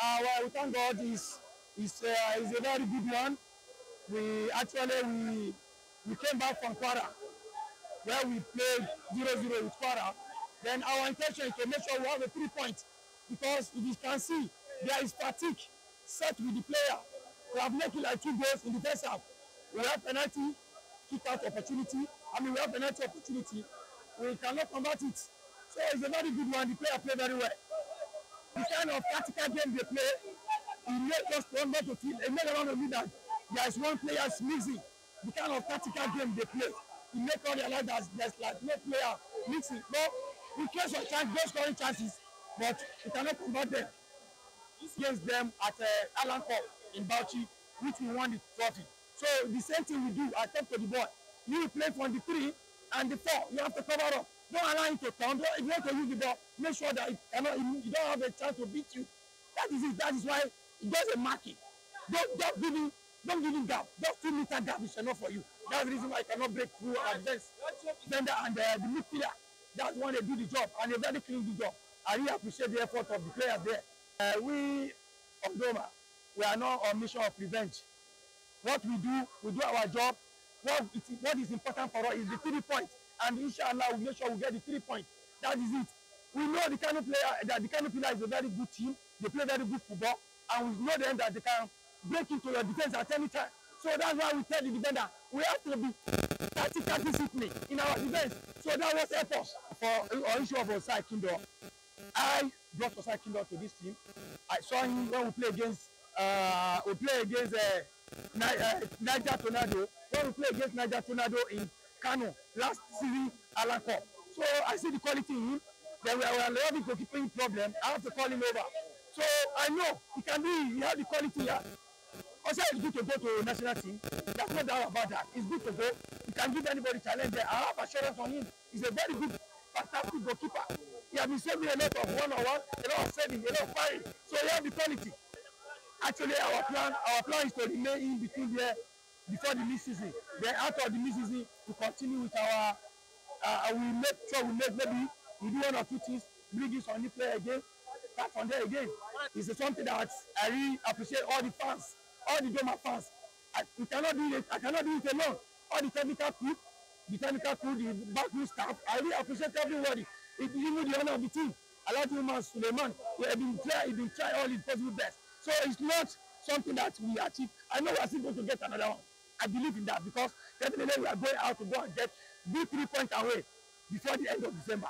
Uh, well, we thank God is is uh, is a very good one. We actually we we came back from Quara where we played 0-0 with Quara. Then our intention is to make sure we have a three point because if you can see there is fatigue set with the player. We have made like two goals in the first half. We have penalty kick out opportunity. I mean we have penalty opportunity. We cannot combat it. So it's a very good one. The player played very well the kind of tactical game they play, it made us to not to feel, it made around me that there is one player missing. The kind of tactical game they play, it made us realize that there's like no player missing. But in case of chance, those scoring chances, but we cannot convert them against them at uh, Alan Cup in Bauchi, which we won the trophy. So the same thing we do at top to the ball. You play from the three and the four. You have to cover up. Don't allow him to come. Don't, if you want to use the ball, make sure that it cannot, you don't have a chance to beat you. That is it. That is why it does a marking. Don't, don't give him, don't give him gap. Just two meter gap is enough for you. That's the reason why I cannot break through our defense defender and uh, the midfielder. That's when they do the job and they very clean the job. I really appreciate the effort of the players there. Uh, we of Doma, we are not on mission of revenge. What we do, we do our job. What is, what is important for us is the three points and inshallah we make sure we get the three points. That is it. We know the Kano player eh, that the Kano player is a very good team. They play very good football, and we know them that they can break into your defense at any time. So that's why we tell the defender we have to be tactical discipline in our defense. So that was help us for our issue of Osai Kindo. I brought Osai Kindo to this team. I saw him when we play against uh, we play against uh, uh Niger Tornado. When we play against Niger Tornado in Kano last season Allan So I see the quality in him. Then we are, we are having problem. I have to call him over. So I know he can do it. He has the quality here. Also, it's good to go to national team. That's no doubt about that. It's good to go. He can give anybody challenge there. I have assurance on him. He's a very good, fantastic goalkeeper. He has been saving a lot of one-on-one, -on -one, a lot of saving, a lot of firing. So he has the quality. Actually, our plan, our plan is to remain in between there before the mid-season. Then after the mid-season, we continue with our, uh, we make sure we make maybe we do one or two things, bring in some new player again, start from there again. It's something that I really appreciate all the fans, all the Doma fans. I, we cannot do it, I cannot do it alone. All the technical crew, the technical crew, the backroom staff, I really appreciate everybody. It even the honor of the team. Alhaji Umar Suleiman, he have been trying, he been trying all his possible best. So it's not something that we achieve. I know we are still going to get another one. I believe in that because definitely we are going out to go and get these three points away before the end of December.